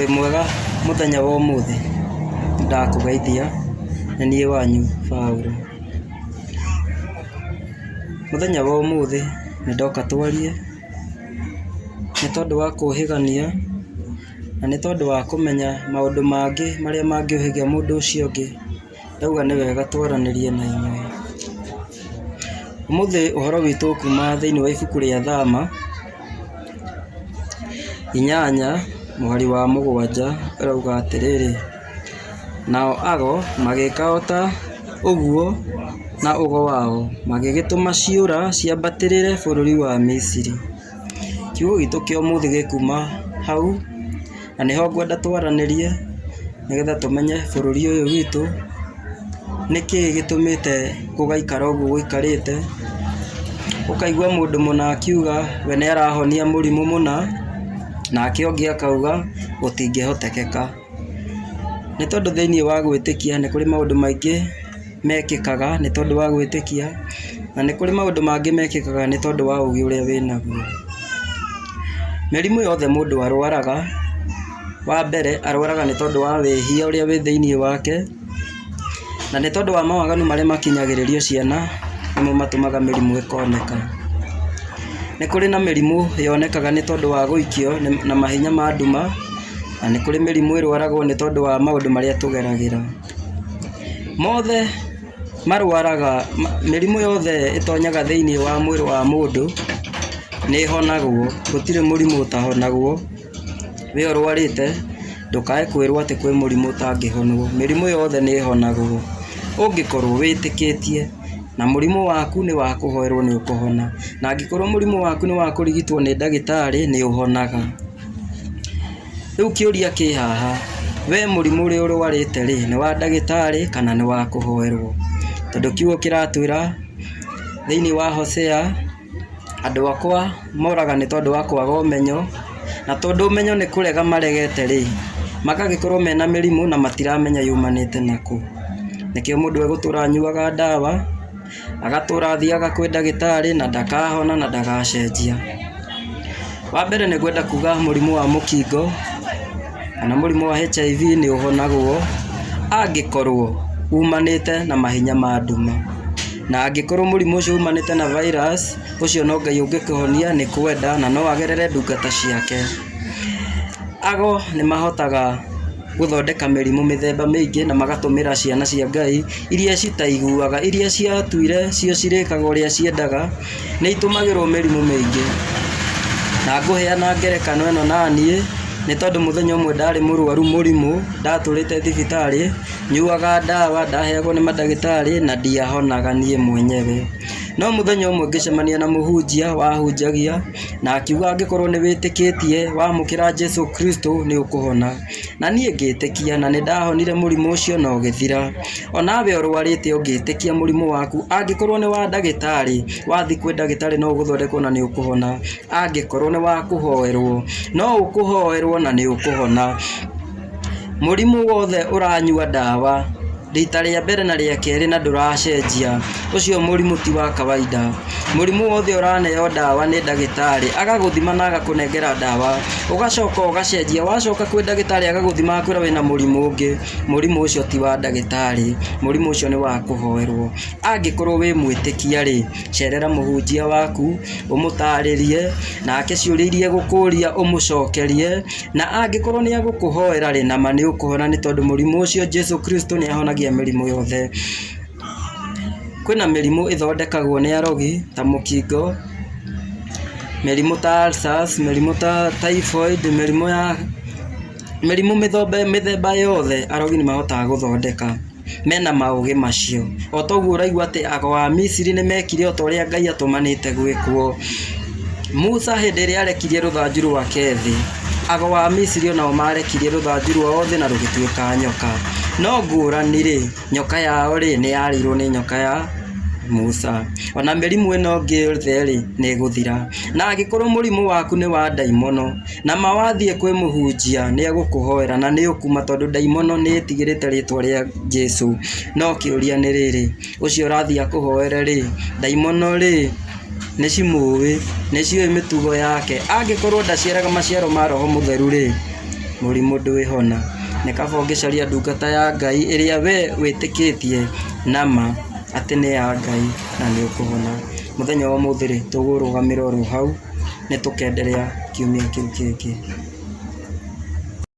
rä mwega må thenya wa å må thä nä ndakå gaithia nä niä wanyu baå rå må thenya wa å må thä nä ndokatwarie nä tondå wa kå hä gania na nä tondå wa kå menya maå ndå mangä marä a mangä å hä gia må ndå å cio å ngä ndauga nä wegatwaranä rie na inyuä å må thä å horo witå kuma thä iniä wa ibuku rä a thama inyanya mweri wa mũgwanja ĩrauga atĩrĩrĩ, nao ago magĩka ota ũguo na ũgo wao magĩgĩtũma ciũra ciambatĩrĩre bũrũri wa Misiri. Kiugo gitũ kĩa ũmũthĩ gĩkuuma hau na nĩho ngwenda twaranĩrie nĩgetha tũmenye bũrũri ũyũ witũ nĩkĩĩ gĩtũmĩte gũgaikara ũguo gũikarĩte. Ũkaigua mũndũ mũna akiuga we nĩarahonia mũrimũ mũna nake ũngĩ akauga gũtingĩhotekeka. ni tondu thĩinĩ wa gwitikia ni kuri maundu maingi mekikaga ni tondu wa gwitikia na ni kuri maundu mangi mekikaga ni tondu wa ũũgĩ ũrĩa wĩnaguo. Mĩrimũ yothe mũndũ arwaraga, wa mbere arwaraga ni tondu wa wĩhia ũrĩa wi thĩinĩ wake, na ni tondu wa mawaganu marĩa makinyagĩrĩrio ciana nĩmo matumaga mĩrimũ ikoneka Nĩ kũrĩ na mĩrimũ yonekaga nĩ tondũ wa gũikio na mahenya ma nduma na nĩ kũrĩ mĩrimũ ĩrwaragwo nĩ tondũ wa maũndũ marĩa tũgeragĩra. Mothe marwaraga mĩrimũ yothe ĩtonyaga thĩinĩ wa mwĩrĩ wa mũndũ, nĩĩhonagwo, gũtirĩ mũrimũ ũtahonagwo, We ũrwarĩte, ndũkae kwĩrwo atĩ kwĩ mũrimũ ũtangĩhonwo, mĩrimũ yothe nĩĩhonagwo, ũngĩkorwo wĩtĩkĩtie na murimo waku ni wa kuhoerwo ni nĩũkũhona na angĩkorwo murimo waku ni wa ni nĩ ni uhonaga riu kiuria ki haha, wee mũrimũ uri ũrwarĩte ri ni wa ndagĩtarĩ kana ni wa kuhoerwo tondu kiugo kĩratwĩra thĩiniĩ wa Hosea, andũ akwa moraga ni tondu wa kwaga ũmenyo, na tondu ũmenyo ni kurega maregete-rĩ, magagĩkorwo mena mĩrimũ na matiramenya yumanite naku nikio mũndũ egutura nyuaga dawa agatũra athiaga kwĩ ndagĩtarĩ na ndakahona na ndagacenjia wa mbere nĩ kwenda kuga murimu wa mukingo kana murimu wa HIV nĩ ũhonagwo angikorwo umanite na mahinya ma nduma na angikorwo murimu ucio umanite na virus ucio no Ngai ũngĩkĩhonia ni kwenda na no agerere ndungata ciake ago mahotaga gũthondeka mĩrimũ mĩthemba mĩingĩ na magatũmĩra ciana cia Ngai iria citaiguaga iria ciatuire cio cirĩkaga ũrĩa ciendaga, nĩitũmagĩrwo mĩrimũ mĩingĩ. Na ngũheana ngerekano ĩno naniĩ, nĩ tondũ mũthenya ũmwe ndarĩ mũrwaru mũrimũ ndatũrĩte thibitarĩ Nyuaga ndawa ndaheagwo nĩ mandagĩtarĩ na ndiahonaga niĩ mwenyewe. No mũthenya ũmwe ngĩcemania na mũhunjia wahunjagia na akiuga angĩkorwo nĩwĩtĩkĩtie wamũkĩra jesu Kristo nĩũkũhona. Na niĩ ngĩĩtĩkia na nĩndahonire mũrimũ ũcio na ũgĩthira. Onawe ũrwarĩte ũngĩĩtĩkia mũrimũ waku angĩkorwo nĩ wa ndagĩtarĩ, wathiĩ kwĩ ndagĩtarĩ no ũgũthondekwo na nĩũkũhona, angĩkorwo nĩ wa kũhoerwo, no ũkũhoerwo na nĩũkũhona. Mũrimũ wothe ũranyua ndawa rita rĩa mbere na rĩa kerĩ na ndũracenjia, ũcio mũrimũ ti wa kawaida. Mũrimũ wothe ũraneo ndawa nĩ ndagĩtarĩ agagũthima na agakũnengera ndawa, ũgacoka ũgacenjia wacoka kwĩ ndagĩtarĩ agagũthima agakwĩra wĩna mũrimũ ũngĩ, mũrimũ ũcio ti wa ndagĩtarĩ, mũrimũ ũcio nĩ wa kũhoerwo. Angĩkorwo wĩ mwĩtĩkia rĩ, cerera mũhunjia waku, ũmũtarĩrie, nake ciũria iria egũkũria ũmũcokerie, na angĩkorwo nĩ egũkũhoera rĩ, nama nĩ ũkũhona nĩ tondũ mũrimũ ũcio Jesũ Kristũ nĩahonagia ĩgiragia mĩrimũ yothe kwĩna mĩrimũ ĩthondekagwo nĩ arogi ta mũkingo, mĩrimũ ta ulcers, mĩrimũ ta typhoid, mĩrimũ ya, mĩrimũ mĩthemba yothe arogi nĩmahotaga gũthondeka, mena maũgĩ macio, otoguo ũraigua atĩ ago a Misiri nĩmekire otorĩa Ngai atũmanĩte gwĩkwo, Musa hĩndĩ ĩrĩa arekirie rũthanju rwake thĩ, ago wa Misiri onao marekirie rũthanju rwao thĩ na rũgĩtuĩka nyoka No ngũrani-rĩ, nyoka yao-rĩ nĩyarĩirwo nĩ nyoka ya Musa. Ona mĩrimũ ĩno ĩngĩ yothe-rĩ guthira Na angĩkorwo murimu waku ni wa daimono ndaimono, nama wathiĩ kwĩ mũhunjia agukuhoera na tondu daimono ndaimono nĩĩtigĩrĩte ritwa ria jesu No kĩũria ucio rĩrĩ, ũcio ri daimono ri ndaimono-rĩ, nĩcimũĩ, nĩciũĩ mitugo yake, angĩkorwo ndaciaraga maciaro ma Roho Mũtheru-rĩ, mũrimũ ndũĩhona nĩ kaba caria ndungata ya Ngai wä tä kä tie nama atä nä ya Ngai na nĩũkũhona. Mũthenya wa ũmũthĩ-rĩ, tũkũrũgamĩra oro hau, kenderea kiumia kä ngä